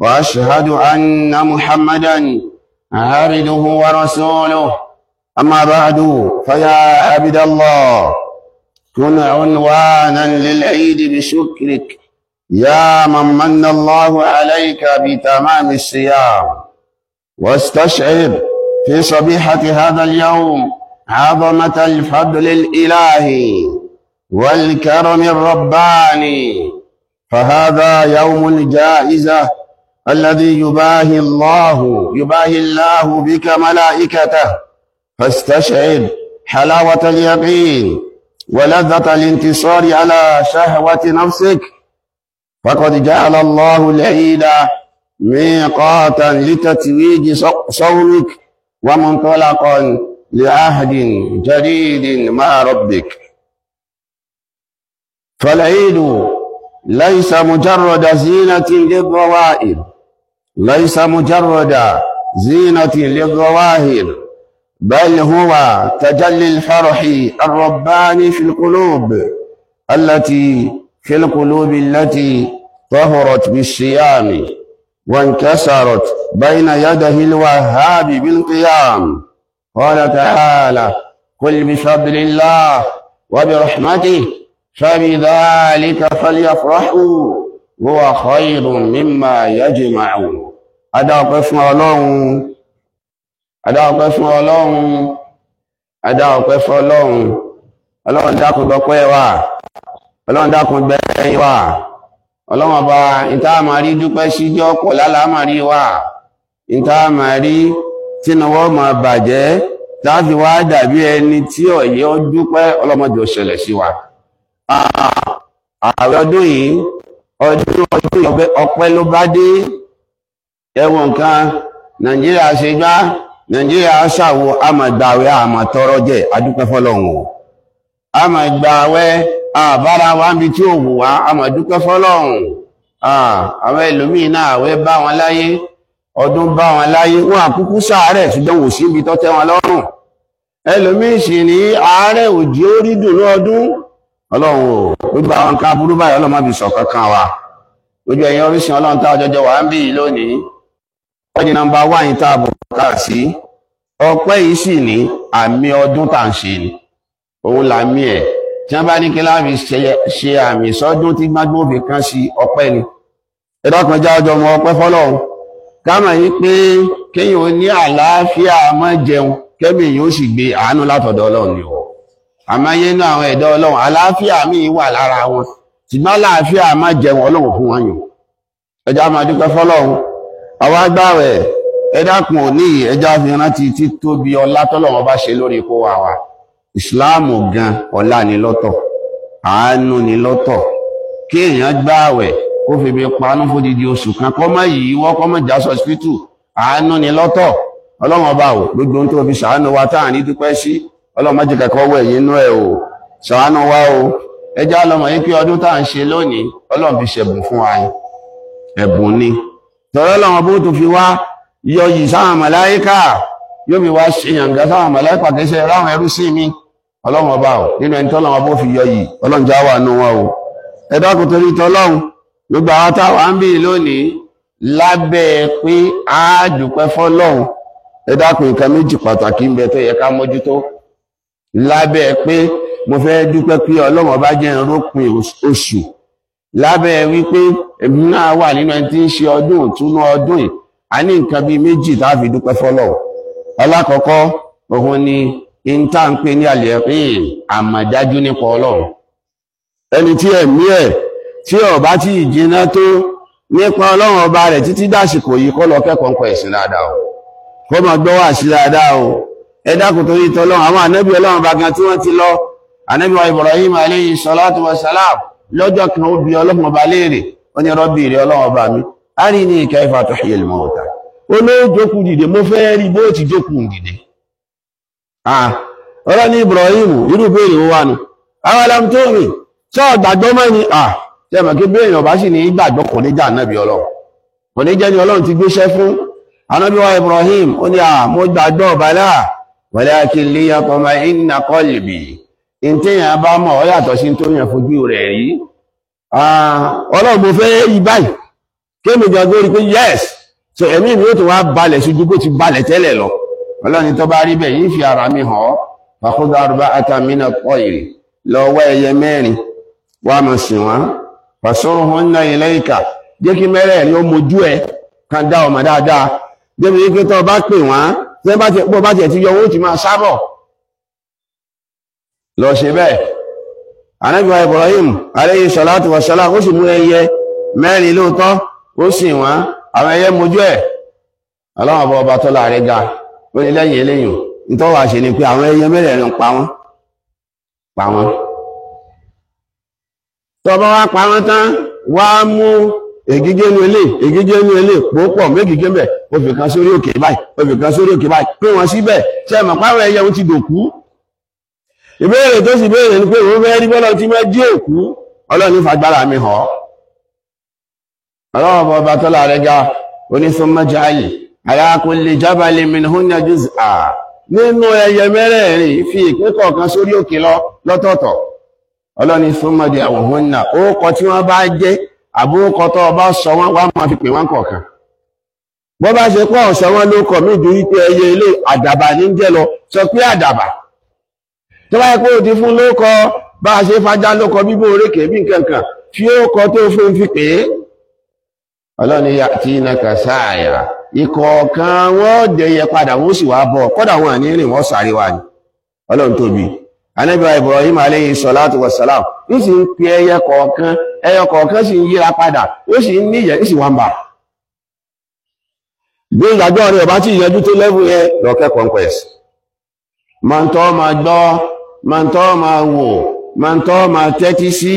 وأشهد أن محمدا عبده ورسوله أما بعد فيا عبد الله كن عنوانا للعيد بشكرك يا من من الله عليك بتمام الصيام واستشعر في صبيحة هذا اليوم عظمة الفضل الإلهي والكرم الرباني فهذا يوم الجائزة الذي يباهي الله يباهي الله بك ملائكته فاستشعر حلاوة اليقين ولذة الانتصار على شهوة نفسك فقد جعل الله العيد ميقاتا لتتويج صومك ومنطلقا لعهد جديد مع ربك فالعيد ليس مجرد زينة للضوائب ليس مجرد زينة للظواهر بل هو تجلي الفرح الرباني في القلوب التي في القلوب التي طهرت بالصيام وانكسرت بين يده الوهاب بالقيام قال تعالى قل بفضل الله وبرحمته فبذلك فليفرحوا هو خير مما يجمعون adáwọ̀pẹ́ fún ọlọ́run adáwọ̀pẹ́ fún ọlọrun adáwọ̀pẹ́ fún ọlọ́run ọlọ́run dákun dákun wà ọba ìtaàmà rí dúpẹ́ síjọ́ pọ̀ wa ìtaàmà rí láti wá dàbí ẹni tí ọ̀yẹ́ ó dúpẹ́ ọlọ́mọdé ó sí wa ààrẹ ọdún yìí ọdún ọdún ló bá dé ẹwọ̀n kan nàìjíríà ṣe gbá nàìjíríà ṣàwò àmàgbàwẹ́ àmàtọrọ jẹ adúpẹ́ fọ́lọ́run àmàgbàwẹ́ àbára wa ń bi tí ó wù wá àmàdúpẹ́ fọ́lọ́run àwọn ẹlòmíì náà àwẹ́ bá wọn láyé ọdún bá wọn láyé wọn àkúkú sáàárẹ̀ ṣùgbọ́n wò sí ibi tọ́tẹ́ wọn lọ́rùn ẹlòmíì sì ní àárẹ̀ òjì ó rí dùnú ọdún ọlọ́run ò gbogbo àwọn kan burú báyìí ọlọ́run má fi sọ kankan wa gbogbo ẹ̀yin orísun ọlọ́run tá ọjọ́jọ́ wà ń bì lónìí ọjọ́ nọmba wá yìí táàbù ká sí ọpẹ́ yìí sì ní àmì ọdún tà ń ṣe ni òun làmì ẹ̀ tí wọ́n bá ní kí láàbì ṣe àmì sọ́dún tí gbágbọ́n fi kán sí ọpẹ́ ni ẹ̀dọ́kànjá ọjọ́ mọ ọpẹ́ fọ́lọ́run kámọ̀ yìí pé kéèyàn ní àlàáfíà mọ́ jẹun kẹ́mi yìí ó sì gbé àánú látọ̀dọ̀ ọlọ́run ni ọ̀ àmáyé inú àwọn ẹ̀dọ́ ọlọ́run àlàáfíà míì wà lára wọn ṣùgbọ́n àlàáfíà mọ́ jẹun ọlọ́run fún wọn yìí ẹjọ́ máa dúpẹ́ fọ́lọ́run àwa agbáwẹ̀ ẹ̀dàkùn òní ẹjá fi rántí títóbi ọlá tọ́lọ̀wọ́ bá ṣe lórí kó wà wà ìsìláàmù gan ọlá ni lọ́tọ̀ àánú ni lọ́tọ̀ kí èèyàn gbáwẹ̀ kó fi bí panú fódidi oṣù kan kọ́ mọ́ yìí wọ́n kọ́ mọ́ jásọ̀ spítù àánú ni lọ́tọ̀ ọlọ́wọ́n bá wò gbogbo ohun tó fi ṣàánú wa táà ní dúpẹ́ sí ọlọ́mọ jẹ́ kẹ́kọ́ wẹ̀ nínú ẹ̀ o ṣàánú wa o ẹjá ọlọ́mọ yín kí ọdún táà ń ṣe lónìí ọlọ́run fi ṣẹ̀bùn fún wa ẹ̀bùn ni tọ́rọ lọ́wọ́ bó tó fi wá yọ yìí sáwọn màláíkà yóò fi wá ṣe yàǹgá sáwọn màláíkà kẹsẹ̀ ráwọn ẹrú sí mi ọlọ́run ọba ò nínú ẹni tọ́lọ́wọ́ bó fi yọ yìí ọlọ́run já wà nù wọn o ẹ̀dọ́kùn torí tọ́lọ́run gbogbo àwọn táwa ń bì lónìí lábẹ́ pé a dúpẹ́ fọ́lọ́run ẹ̀dọ́kùn nǹkan méjì pàtàkì ń bẹ tó yẹ ká mójútó lábẹ́ pé mo fẹ́ dúpẹ́ pé ọlọ́run ọba jẹ́ ìrópin oṣù lábẹ́ wípé èmi náà wà nínú ẹni tí ń ṣe ọdún ìtúnú ọdún yìí a ní nǹkan bíi méjì tá a fi dúpẹ́ fọ́lọ́run alákọ̀ọ́kọ́ òun ni ìta ń pè ní àlẹ́ ẹ̀yìn àmọ̀dájú nípa ọlọ́run ẹni tí ẹ̀mí ẹ̀ tí ọba tí ìjìnà tó nípa ọlọ́run ọba rẹ̀ títí dàsìkò yìí kọ́ lọ kẹ́kọ̀ọ́ nǹkan ẹ̀sìn dáadáa o kó máa gbọ́ wà sí dáadáa o ẹ dákun torí tọlọ́run àwọn ànábì ọlọ́run bá gan tí wọ́n ti lọ ànábì wa Ibrahim alayhi salatu wa salam lọ́jọ́ kan ó bí ọlọ́run ọba léèrè ó ní rọ́bì ọba mi a rí ní dìde mo fẹ́ rí bó ti dìde ní Ibrahim irú béèrè sọ mọ́ ni à tẹ́mọ̀ kí béèrè ọba sì ní gbàgbọ́ kò ní jà náàbí ọlọ́run kò ní jẹ́ ni ti gbéṣẹ́ fún Ibrahim ó ní à mo gbàgbọ́ ọba náà ìtẹ́yàn bá mọ̀ ọ yàtọ̀ sí tó yàn fojú rẹ̀ rí ọlọ́run mo fẹ́ yí báyìí kéèmì jọ gbórí pé yes so ẹ̀mí mi ó tún wá balẹ̀ ṣojú kó ti balẹ̀ tẹ́lẹ̀ lọ ọlọ́run tó bá rí bẹ́ẹ̀ yìí fi ara mi hàn ọ́ fàkóso arúgbó atamina pọ̀ èrè lọ wá ẹyẹ mẹ́rin wá mọ̀ sí wọn fàṣọrọ wọn ná ilé ìkà jẹ́ kí mẹ́rẹ̀ẹ̀rin ó mojú ẹ̀ kan dá ọmọ dáadáa débi wípé tó bá pè wọ́n tó bá tiẹ̀ ti yọ owó ti máa sábọ̀ lọ ṣe bẹ́ẹ̀ anábìwá Ibrahim alayhi salatu wa salam ó sì mú ẹyẹ mẹ́rin lóòótọ́ ó sì wọ́n àwọn ẹyẹ mojú ẹ̀ ọlọ́wọ́n bọ́ ọba tọ́lá rẹ̀ ga ó ní lẹ́yìn eléyìn nítọ́wà ṣe ni pé àwọn ẹyẹ mẹ́rẹ̀ẹ̀rin pa wọ́n pa wọ́n tọba wa pa wọ́n tán wá mú ègígé inú ilé ègígé inú ilé pòópọ̀ mégìgé bẹ̀ ó sórí òkè báyìí ó sórí òkè báyìí pé wọ́n síbẹ̀ ṣe mọ̀ páwọn ẹyẹ ohun ti dòkú ìbéèrè tó sì béèrè ní pé òun fẹ́ rí bọ́lọ̀ tí wọ́n jí òkú ọlọ́ni fagbára mi hàn ọlọ́wọ́ bọ́ bá tọ́lá ga onísọmọ́já yìí àyàkùn lè jábàlẹ̀ mìíràn jùz à nínú ẹyẹ mẹ́rẹ̀ẹ̀rin fi ìpín kọ̀ọ̀kan sórí òkè lọ lọ́tọ̀ọ̀tọ̀ ọlọ́ni sọmọdé àwòhún náà ó tí wọ́n bá jẹ́ àbúkọ tó bá sọ wọ́n wá máa fi pè wọ́n kọ̀ọ̀kan bọ́ bá ṣe pọ̀ ọ̀sẹ̀ wọn ló kọ̀ mí ju wípé ẹyẹ ilé tó bá yẹ pé fún lóókọ bá a ṣe fajá lóókọ bíbó orékè bí nkankan fi óókọ tó fún fi pè ọlọ́ni yà tí iná kà sáàyà wọ́n padà wọ́n sì wá bọ̀ kọ́dà wọn àní rìn wọ́n sáré wa ni ọlọ́run tóbi Ibrahim ń sì ń pe ẹyẹ kọ̀ọ̀kan ẹyẹ kọ̀ọ̀kan sì ń yíra padà ó sì ń níyẹ sì wá ń bà bí ma ń tọ́ ma wọ̀ ma ń tọ́ ma tẹ́tí sí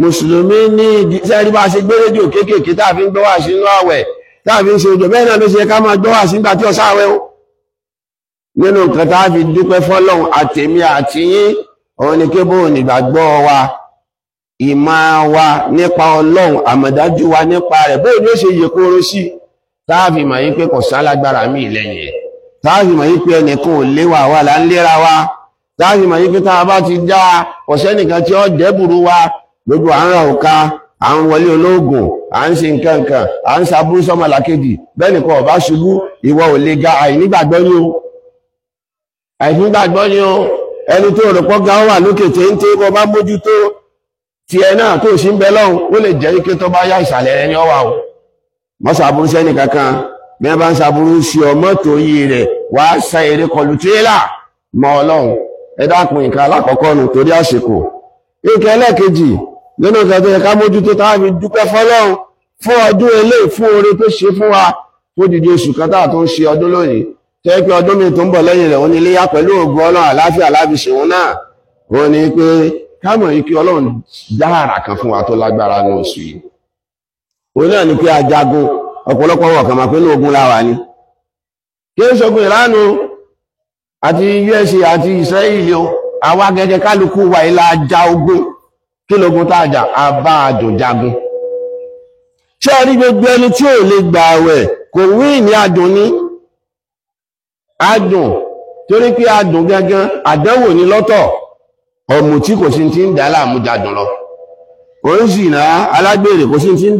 mùsùlùmí ní ìdíṣẹ́rí bá ṣe gbé rédíò kéékèèké táàfin gbọ́ wà sínú àwẹ̀ táàfin ṣe òjò bẹ́ẹ̀ náà ló ṣe ká máa gbọ́ wà sígbà tí ọ̀sá àwẹ̀ o nínú nǹkan táàfin dúpẹ́ fọ́lọ́hun àtèmi àtìyín òun ni kébò nígbàgbọ́ wa ìmọ̀ wa nípa ọlọ́run àmọ̀dájú wa nípa rẹ̀ bóyá ni ó ṣe yẹ kóró sí táàfin mọ̀ yín pé kò sálágbára mi ìlẹ̀yìn táàfin mọ̀ yín pé ẹnìkan ò léwà wà láńlẹ́ra wa. Wa, láti mọ̀ yín pé tá a bá ti dá ọ̀sẹ́ nìkan tí ó jẹ́ burú wa lójú à ń ra òka à ń wọlé olóògùn à ń ṣe nǹkan nǹkan à ń ṣaburú sọ́mọ làkejì bẹ́ẹ̀ nìkan ọ̀bá ṣubú ìwọ ò lè ga àìnígbàgbọ́ ni o àìnígbàgbọ́ ni o ẹni tó rò pọ́ ga wà lókè téńté bọ́ bá mójútó tiẹ̀ náà tó sì ń bẹ lọ́hùn ó lè jẹ́ ike tó bá yá ìsàlẹ̀ rẹ ní o mọ́ ṣàbùrú sẹ́ni kankan bí wọ́n bá ń ṣàbùrú sí ọmọ tó yí rẹ̀ wàá sa èrè kọlù tírélà mọ́ ọlọ́run ẹ dákun nǹkan alákọ̀ọ́kọ́ nù torí àsìkò nǹkan ẹlẹ́ẹ̀kejì nínú nǹkan tó yẹ ká mójútó tá a fi dúpẹ́ fọlọ́run fún ọdún eléyìí fún oore tó ṣe fún wa tó dìde oṣù kan táà tó ń ṣe ọdún lónìí tẹ́ pé ọdún mi tó ń bọ̀ lẹ́yìn rẹ̀ wọ́n ní iléyà pẹ̀lú ògùn ọlọ́run àláfíà láfiṣe wọn náà wọ́n ní pé kámọ̀ yìí kí ọlọ́run dá àrà kan fún wa tó lágbára ní oṣù yìí òun náà ni pé ajagun ọ̀pọ̀lọpọ̀ wọ̀ kàn máa pé ní ogun láwa ni kí ó ṣogun ìlànà àti USA àti Israeli o àwa gẹ́gẹ́ kálukú wa ilá ajá ogun kí lógun tá àjà abá àjòjagun ṣé ẹ rí gbogbo ẹni tí ò lè gbà àwẹ̀ kò wí ní adùn ní adùn torí pé adùn gangan àdánwò ní lọ́tọ̀ ọ̀mù tí kò sí ti ń dà láàmú jadùn lọ kò ń sì náà alágbèrè kò sí ti ń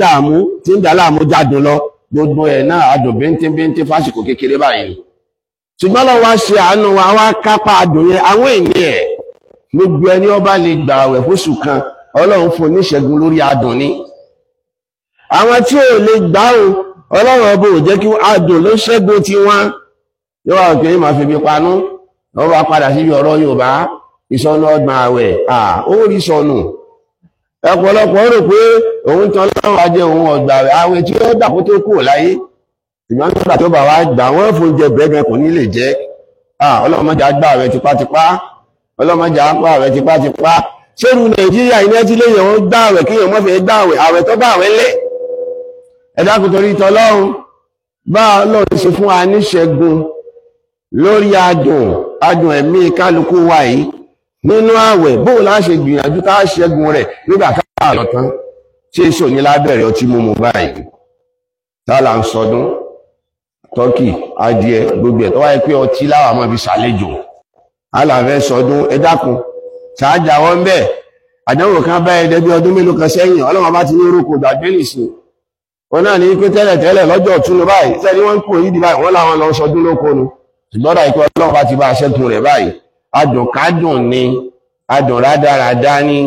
dà láàmú jadùn lọ gbogbo ẹ̀ náà adùn bíntín bíntín fásìkò kékeré báyìí ṣùgbọ́n lọ́wọ́ wá ṣe àánú wa wá kápá àdùn yẹn àwọn ènìyàn ẹ̀ gbogbo ẹni ọba lè gbà àwẹ̀ fóṣù kan ọlọ́run fún oníṣẹ́gun lórí àdùn ni àwọn tí ò lè gbà ó ọlọ́run ọba ò jẹ́ kí àdùn ló ṣẹ́gun ti wọn yóò wá kéré máa fi bí panú wọ́n wá padà síbi ọ̀rọ̀ Yorùbá ìsọnù ọgbọ̀n àwẹ̀ ó rí sọnù ọ̀pọ̀lọpọ̀ rò pé òun tan láwọn ajé òun ọgbà àwẹ̀ tí ó dàkó tó kù láyé ìgbà nígbà tó bá wá gbà wọ́n fún jẹ bẹ́ẹ̀gàn kò ní lè jẹ́ ọlọ́mọjà gbà rẹ̀ tipátipá ọlọ́mọjà gbà rẹ̀ tipátipá ṣérù nàìjíríà iná tí léyìn wọn gbà rẹ̀ kí èèyàn mọ́fẹ̀ẹ́ gbà rẹ̀ àwẹ̀ tó bá rẹ̀ lẹ̀ ẹ̀dá kò torí tọlọ́run bá ọlọ́run ṣe fún wa níṣẹ́gun lórí adùn adùn ẹ̀mí kálukú wa yìí nínú àwẹ̀ bóun láà ṣe gbìyànjú tá ṣẹ́gun rẹ̀ nígbà káàlọ́ tán ṣé èso ní lábẹ́rẹ̀ ọtí mímu báyìí tá là ń sọdún tọ́kì adìẹ gbogbo ẹ̀ tó wáyé pé ọtí láwà mọ́ fi ṣàlejò aláfẹ́ sọdún ẹ dákun ṣáájà wọn bẹ́ẹ̀ àdánwò kan bá ẹdẹ bí ọdún mélòó kan sẹ́yìn ọlọ́run bá ti ní orúkọ gbàgbé nìsín wọn náà ní pé tẹ́lẹ̀ tẹ́lẹ̀ lọ́jọ́ ọ̀túnú báyìí sẹ́ni wọ́n ń kó yídi báyìí wọ́n láwọn lọ sọdún lóko nu ṣùgbọ́n dà ìpẹ́ ọlọ́run bá ti bá aṣẹ́kùn rẹ̀ báyìí adùn kádùn ni adùn rádaràdá ni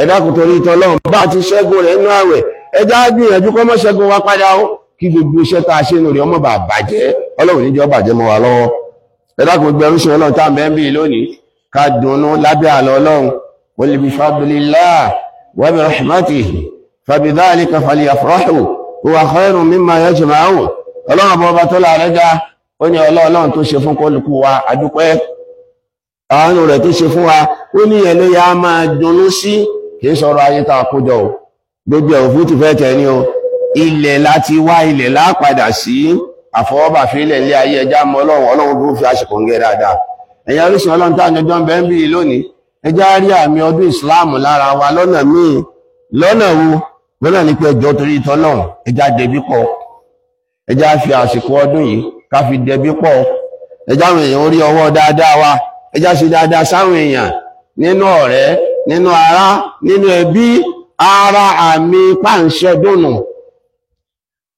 ẹ dákun torí tọ́lọ́run bá ti ṣẹ́gun rẹ̀ nú àwẹ̀ ẹ já gbìyànjú kọ́mọ́ ṣẹ́gun wa padà ó kí gbogbo iṣẹ́ tá a ṣe lórí ọmọ bà bàjẹ́ ọlọ́run níjọ́ bàjẹ́ mọ́ wa lọ́wọ́ ẹ̀dá gbogbo ẹrú ṣe ọlọ́run tá mẹ́bí lónìí ká dùnú lábẹ́ àlọ́ ọlọ́run wọ́n lè bi fadlillah wa bi rahmatihi fabidhalika falyafrahu huwa khairun mimma yajma'un ọlọ́run bọ́ ọba tó láàrẹ́ ga ó ní ọlọ́run tó ṣe fún kọlùkù wa àdúpẹ́ àánú rẹ̀ tó ṣe fún wa ó ní ẹ̀ ló yá máa dùnú sí kì í sọ̀rọ̀ ayé tá a kójọ gbogbo ẹ̀ òfin ti fẹ́ tẹ̀ ní o ilẹ̀ láti wá ilẹ̀ lápadà sí àfọwọ́bà fílẹ̀ ilé ayé ẹjá mọ́ ọlọ́run ọlọ́run tó fi àṣìkò ń gẹ dáadáa ẹ̀yà oríṣìí ọlọ́run tá àjọjọ́ ń bẹ ń bí lónìí ẹjá rí àmì ọdún ìsìláàmù lára wa lọ́nà míì lọ́nà wo lọ́nà ní pé ẹjọ́ torí tọ́lọ́run ẹjá dẹbí pọ̀ ẹjá fi àsìkò ọdún yìí ká fi dẹbí pọ̀ ẹjá àwọn èèyàn orí ọwọ́ dáadáa wa ẹjá ṣe dáadáa sáwọn èèyàn nínú ọ̀rẹ́ nínú ará nínú ẹbí ara àmì páǹṣẹ́ dùnù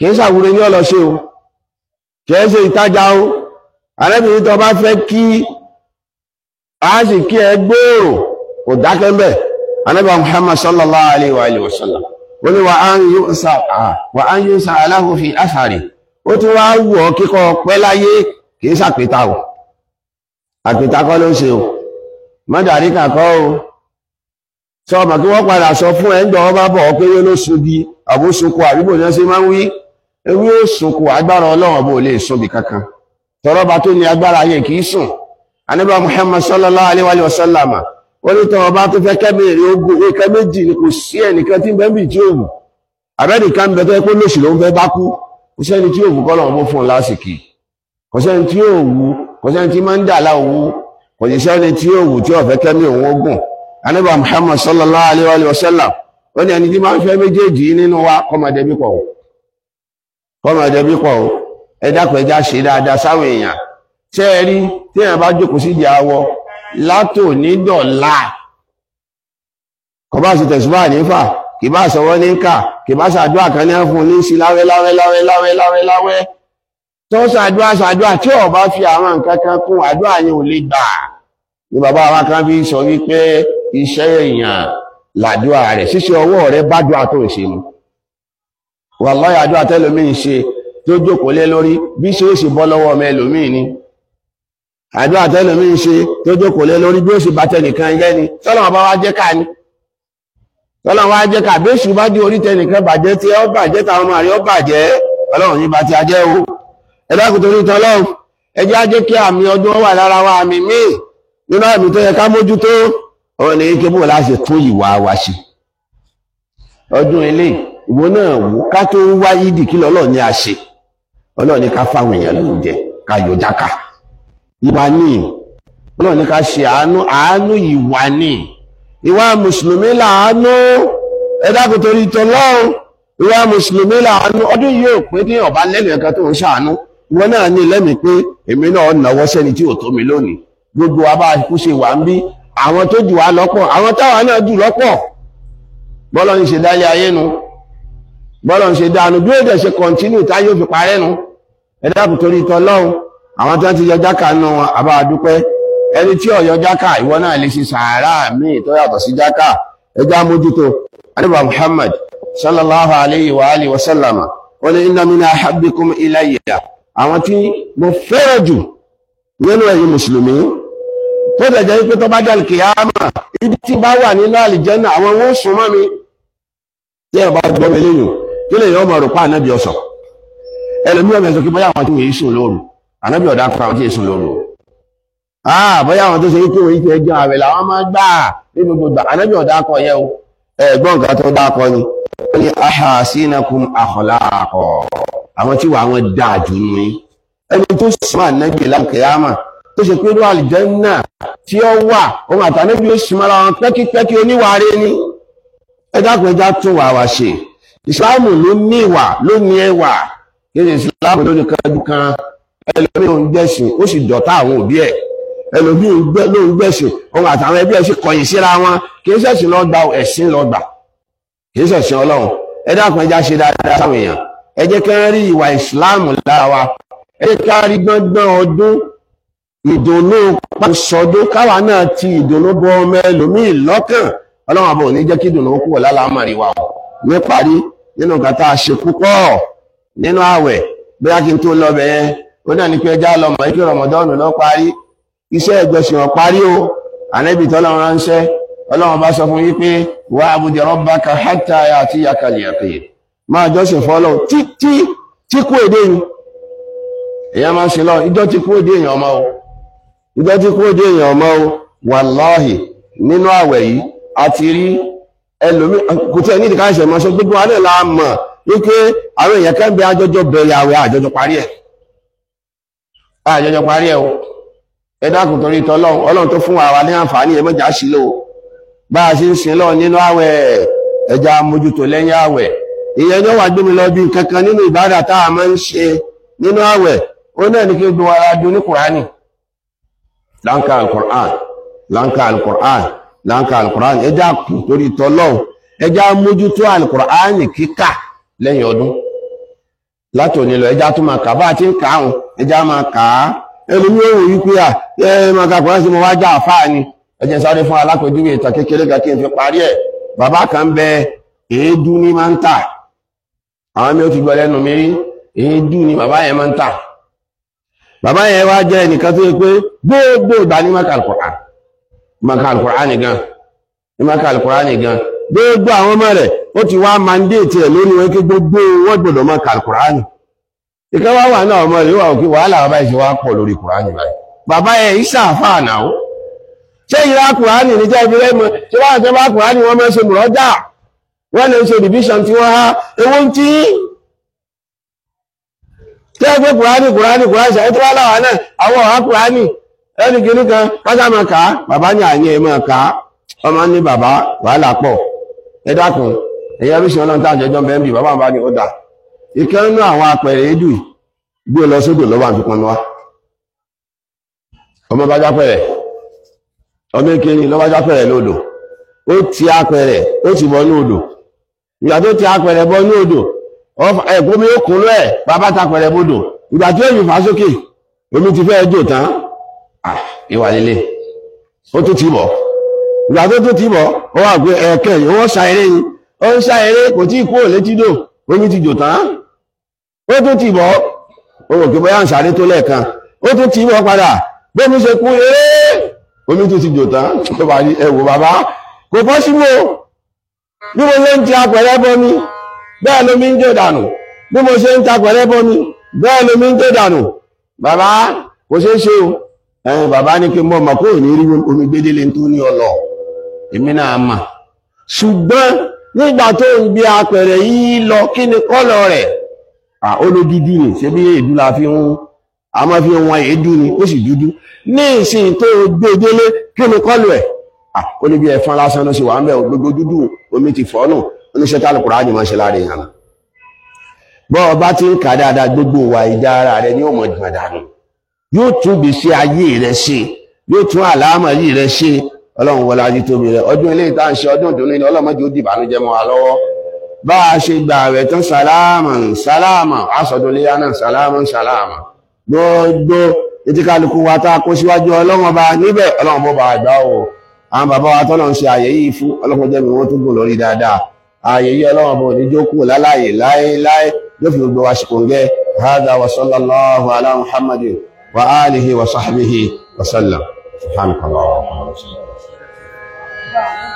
kìí ṣàwúre ní ọlọ́ṣẹ́ o kìí ṣe ìtajà o arẹ́bìnrin tó bá fẹ́ kí aṣì kí ẹ gbòòrò kò dákẹ́ mbẹ̀ anábà Muhammad sallallahu alayhi wa alayhi wa sallam ó ni wa an yusa aláhùn fi ó tún wá wù ọ kíkọ pẹ́ láyé o kọ́ ló ń ṣe o mọ́dàrí kàkọ́ o sọ ọmọ ọ bá bọ̀ pé yóò ní ṣe máa ewé ó sunkún agbára ọlọ́run bó lè sún bí kankan tó ní agbára ayé kì sùn anábà muhammad sallallahu alaihi wa sallam tọrọ bá tó fẹ́ kẹ́bìnrin ogun ìkẹ́ méjì ni kò sí ẹnìkan tí ń bẹ́ bì tí ó wù abẹ́nìkan ń bẹ tó yẹ lóṣù ló ń fẹ́ bá kú kò sẹ́ni tí fún un kò sẹ́ni tí kò sẹ́ni tí máa ń dà kò sẹ́ni tí tí ó fẹ́ ogun anábà muhammad sallallahu wa sallam kọ́mọ ẹjọ́ bí pọ̀ ẹ dákun ẹjá ṣe dáadáa sáwọn èèyàn tẹ́ ẹ rí téèyàn bá jókòó sídìí awọ látò ní dọ̀la kò bá sì tẹ̀síwá nífà kì bá sọ̀wọ́ ní kà kì bá ṣàdúrà kan ní fún ní sí láwẹ́ láwẹ́ láwẹ́ láwẹ́ láwẹ́ láwẹ́ tó ṣàdúrà ṣàdúrà tí ò bá fi àwọn nǹkan kan kún àdúrà yẹn ò lè gbà ni bàbá wa kan fi sọ wípé iṣẹ́ èèyàn làdúrà rẹ̀ ṣíṣe ọwọ́ rẹ̀ bá dúà tó ìṣèlú wàláhì àdúrà tẹ́lòmí ń ṣe tó jókòó lé lórí bí ṣe é ṣe bọ́ lọ́wọ́ ọmọ ẹlòmí ni àdúrà tẹ́lòmí ń ṣe tó jókòó lé lórí bí ó ṣe bá tẹnìkan jẹ́ ni tọ́lọ́wọ́ bá wá jẹ́ ká ni tọ́lọ́wọ́ á jẹ́ ká bí èṣù bá dé orí tẹnìkan bàjẹ́ tí ó bàjẹ́ táwọn ọmọ rẹ̀ ó bàjẹ́ ọlọ́run ní bá ajẹ́ o ẹ dákun torí tọ́lọ́run ẹ jẹ́ á kí àmì ọdún wà lára wa àmì míì nínú àmì tó yẹ ká mójútó ọ̀rọ̀ ní kébù láti tún ìwà wa ṣe ọdún eléyìí ìwọ náà wò ká tó wá yídì kí lọ́lọ́ ní a ṣe ọlọ́ọ̀ni ká fáwọn èèyàn ló jẹ ká yọ jáka ìwà ní ọlọ́ọ̀ni ká ṣe àánú àánú ìwà ní ìwà mùsùlùmí làánú ẹ dákun torí tọlọ́run ìwà mùsùlùmí làánú ọdún yìí ò pé ní ọ̀bá lẹ́nu ẹ̀ka tó ń ṣàánú wọn náà ní lẹ́mìí pé èmi náà nàwọ́ sẹ́ni tí ò tó mi lónìí gbogbo wa bá kú ṣe wà ń bí àwọn tó jù wá lọ́pọ̀ àwọn táwa náà jù lọ́pọ̀ bọ́lọ́ ń ṣe dáyé ayé nu bọ́lọ̀ ń ṣe dánu bí ó dẹ̀ ṣe kọ̀ntínú tá yóò fi parẹ́ nu ẹ̀dàkùn torí tọlọ́run àwọn tó ti yọjá kà nù wọn àbá àdúpẹ́ ẹni tí ọ̀yọ́ jákà ìwọ náà lè ṣe sàárà míì tó yàtọ̀ sí jákà ẹjá mójútó ànábì Muhammad sallallahu alayhi wa alihi wa sallama wọn ni inna min ahabbikum ilayya àwọn tí mo fẹ́ràn jù nínú ẹ̀yin mùsùlùmí tó dẹ̀jẹ́ wípé tó bá dẹ̀lì kìyàmà ibi tí bá wà nínú àlìjẹ́nà àwọn wọn sùn mọ́ mi tí ẹ̀ bá gbọ́ mi léyìn kí lè yọ ọmọ rò pa ànábì ọsọ ẹlòmíì ọmọ ẹsọ kí bóyá àwọn tí wọn yìí sùn lóru ànábì ọdá kọ àwọn tí yìí sùn lóru o bóyá àwọn tó ṣe kí wọn yìí tẹ jẹun àwẹ̀ làwọn máa gbà ní gbogbo gbà ànábì ọdá kọ yẹ o ẹ̀gbọ́n nǹkan tó dá kọ ni ó ní ahasinakum akhlaqo àwọn tí wàá wọn dáa jù nù yín ẹni tó sùn ànábì lákìyàmà tó ṣe ẹ dákun tún wàá wá ṣe ìsìláàmù ló ní ìwà ló ní ẹwà kéde ìsìláàmù ló ní kẹdùn kan ẹlòmíì ń gbẹ̀sìn ó sì dọ̀tá àwọn òbí ẹ̀ ẹlòmíì ló ń gbẹ̀sìn òun àtàwọn ẹbí ẹ̀ sì kọ̀yìn síra wọn kì í ṣẹ̀sìn lọ gba ẹ̀sìn lọ gbà kì í ṣẹ̀sìn ọlọ́run ẹ dákun ẹja ṣe dáadáa sáwọn èèyàn ẹ jẹ́ ká rí ìwà ìsìláàmù lára wa ẹ jẹ́ ká rí gbọ́ngbọ́n ọdún ìdùnnú pàṣọdún káwa náà ti ìdùnnú bọ ọmọ ẹlòmíì lọ́kàn ọlọ́run àbọ̀ ò ní jẹ́ kí ìdùnnú kúrò lálàámàrí wa o. parí nínú nǹkan tá a ṣe púpọ̀ nínú àwẹ̀ bóyá kí n tó lọ bẹ̀yẹn ó náà ní pé ẹjá lọ mọ̀ ikú rọmọdọ́ọ̀nù lọ parí iṣẹ́ ìjọsìn parí o ànábì tọ́lọ́run ránṣẹ́ ọlọ́run bá sọ fún yí pé wà á títí tí kú èdè èèyàn lọ ìjọ kú èdè ọmọ o nínú yìí ẹlòmí kò tí ẹ nídìí ká ṣe mọ́ṣọ́ gbogbo wa náà la mọ̀ wípé àwọn èèyàn kan bẹ àjọjọ bẹ̀rẹ̀ àwẹ̀ àjọjọ parí ẹ̀ àjọjọ parí ẹ̀ o ẹ dákun torí tọlọ́run ọlọ́run tó fún wa ní àǹfààní ẹ mọ̀jà sí lò bá a ṣe ń sin lọ́ọ̀ nínú àwẹ̀ ẹja mójútó lẹ́yìn àwẹ̀ ìyẹn ló wà gbé mi lọ bí kankan nínú ìbádà tá a máa ń ṣe nínú àwẹ̀ ó náà ní kí n gbowó ara dun ní kùránì láǹkà alukùránì láǹkà alukùránì láǹkà alukur'an ẹjá kù torí tọ́lọ́hùn ẹjá mójútó alukur'an kíkà lẹ́yìn ọdún láti òní lọ ẹjá tó máa kà bá ti ń kà áhùn ẹjá máa kà á ẹlòmí òun pé à ẹ máa ka kùránì sí mo wá já àfáà ni ẹjẹ sáré fún ìtàn kékeré ní máa ni bàbá yẹn maka alukur'ani gan maka alukur'ani gan gbogbo àwọn ọmọ rẹ̀ ó ti wá mandate ẹ̀ lórí wọn kí gbogbo wọn gbọ́dọ̀ maka alukur'ani ìkan wá wà náà ọmọ rẹ̀ wà òkè wàhálà wọn báyìí ṣe wá pọ̀ lórí kur'ani báyìí bàbá ẹ̀ isa àfàànà ó ṣé ìlà kur'ani níjà ìbílẹ̀ mọ ṣé wàá fẹ́ bá kur'ani wọn máa ṣe mùrọ́dà wọn lè ṣe division tí wọn há ewu ń tí tẹ́ gbé kur'ani kur'ani kur'ani ṣàyẹ́tí wàhálà wà náà àwọn ọ̀há kur'ani ẹni kìíní kan kájà máa kà á bàbá ní àyè ma kà á ọmọ ní bàbá wàhálà pọ̀ ẹ ẹ̀yà bí ṣe ọlọ́run táàjọ bàbá bá ní ó dà àwọn apẹ̀rẹ̀ èédú gbé lọ sódò lọ́wọ́ àfikún wa ọmọ bá jápẹ̀rẹ̀ ọmọ lọ́wọ́ jápẹ̀rẹ̀ lódò ó ti apẹ̀rẹ̀ ó ti odò ìgbà tó ti apẹ̀rẹ̀ odò ó kún ìgbà Ah, ìwà líle ó tún ti bọ̀ ìgbà tó tún ti bọ̀ ó wà pé ẹ̀kẹ́ yìí wọ́n ṣa eré yìí ó ń ṣa eré kò tí ì kúrò létí dò omi ti jò tán ó tún ti bọ̀ ó rò pé bóyá ń ṣàrí tó lẹ́ẹ̀kan ó tún ti bọ̀ padà bí omi ṣe kú eré omi tún ti jò tán ó bá rí ẹ̀wò bàbá kò bọ́ símú o bí mo ṣe ń ti apẹ̀rẹ̀ bọ́ mi bẹ́ẹ̀ lomi ń jò dànù bí mo ṣe ń ta apẹ̀rẹ̀ bọ́ mi bẹ́ẹ̀ lomi ń jò dànù bàbá kò ṣeé ṣe o ẹ̀yìn bàbá ní pé mọ́ ọmọ kó ní rí omi gbédélé tó ní ọlọ̀ èmi náà mà ṣùgbọ́n nígbà tó ń gbé apẹ̀rẹ̀ yìí lọ kí ni kọ́lọ̀ rẹ̀ olódúdú ni ṣé bí èédú la fi ń a máa fi wọn èédú ni ó sì dúdú ní ìsìn tó gbédélé kí ni kọ́lọ̀ ẹ̀ ó ní bí ẹ̀fọn lásán ló ṣe wà ń bẹ̀ gbogbo dúdú omi ti fọ́ nù oníṣẹ́ tálùkùrọ̀ á ní máa ṣe láre yàrá bọ́ọ̀ bá yóò tún gbèsè ayé rẹ̀ ṣe yóò tún àlámọ̀ yìí rẹ̀ ṣe ọlọ́run wọlé ayé tóbi rẹ̀ ọdún ilé ìta ń ṣe ọdún ìdùnnú ni ọlọ́mọdé ó dìbànújẹ́ mọ́ wa lọ́wọ́ bá a ṣe gbà rẹ̀ tán sàlámà sàlámà aṣọ́dún ilé yánà sàlámà sàlámà gbogbo etí kálukú wa tá a kó síwájú ọlọ́run ọba níbẹ̀ ọlọ́run bọ́ bá a gbà o àwọn bàbá wa tọ́lọ̀ ń ṣe àyè yìí fún ọlọ́run jẹ́ mi wọ́n tún gùn lórí dáadáa àyè yìí ọlọ́run ọba òní jókòó láláyè láéláé yóò fi gbogbo wa ṣe kòǹgẹ́ hádà wa sallallahu ala muhammadin وآله وصحبه وسلم سبحانك اللهم وبحمدك